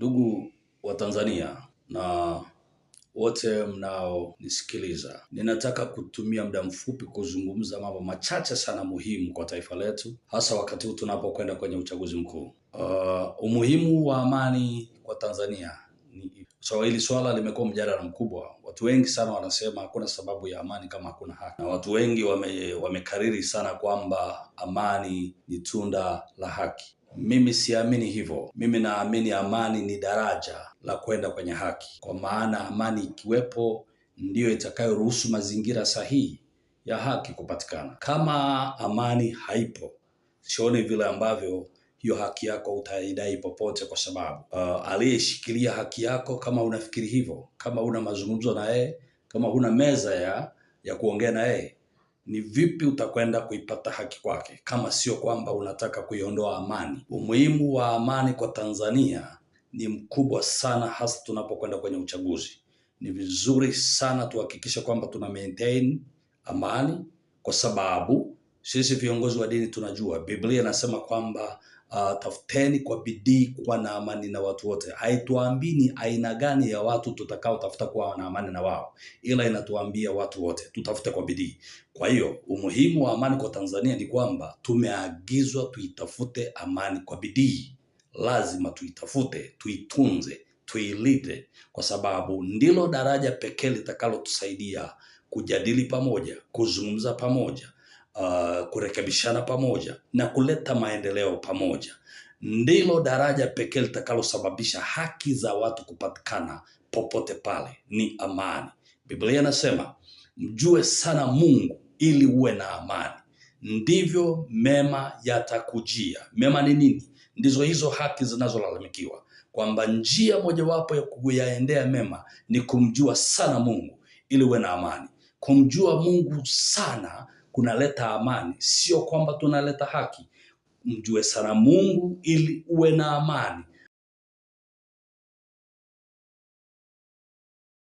Ndugu wa Tanzania na wote mnaonisikiliza, ninataka kutumia muda mfupi kuzungumza mambo machache sana muhimu kwa taifa letu, hasa wakati huu tunapokwenda kwenye uchaguzi mkuu. Uh, umuhimu wa amani kwa Tanzania ni so, hili swala limekuwa mjadala mkubwa Watu wengi sana wanasema hakuna sababu ya amani kama hakuna haki, na watu wengi wame, wamekariri sana kwamba amani ni tunda la haki. Mimi siamini hivyo. Mimi naamini amani ni daraja la kwenda kwenye haki, kwa maana amani ikiwepo ndiyo itakayoruhusu mazingira sahihi ya haki kupatikana. Kama amani haipo, sioni vile ambavyo hiyo haki yako utaidai popote, kwa sababu uh, aliyeshikilia haki yako, kama unafikiri hivyo, kama una mazungumzo na yeye, kama huna meza ya ya kuongea na yeye, ni vipi utakwenda kuipata haki kwake, kama sio kwamba unataka kuiondoa amani? Umuhimu wa amani kwa Tanzania ni mkubwa sana, hasa tunapokwenda kwenye uchaguzi. Ni vizuri sana tuhakikishe kwamba tuna maintain amani kwa sababu sisi viongozi wa dini tunajua Biblia inasema kwamba uh, tafuteni kwa bidii kuwa na amani na watu wote. Haituambii ni aina gani ya watu tutakao tafuta kuwa na amani na wao, ila inatuambia watu wote tutafute kwa bidii. Kwa hiyo umuhimu wa amani kwa Tanzania ni kwamba tumeagizwa tuitafute amani kwa bidii, lazima tuitafute, tuitunze, tuilinde, kwa sababu ndilo daraja pekee litakalotusaidia kujadili pamoja, kuzungumza pamoja uh, kurekebishana pamoja na kuleta maendeleo pamoja ndilo daraja pekee litakalosababisha haki za watu kupatikana popote pale ni amani. Biblia inasema mjue sana Mungu ili uwe na amani, ndivyo mema yatakujia. Mema ni nini? Ndizo hizo haki zinazolalamikiwa kwamba njia mojawapo ya kuyaendea mema ni kumjua sana Mungu ili uwe na amani. Kumjua Mungu sana kunaleta amani, sio kwamba tunaleta haki. Mjue sana Mungu ili uwe na amani.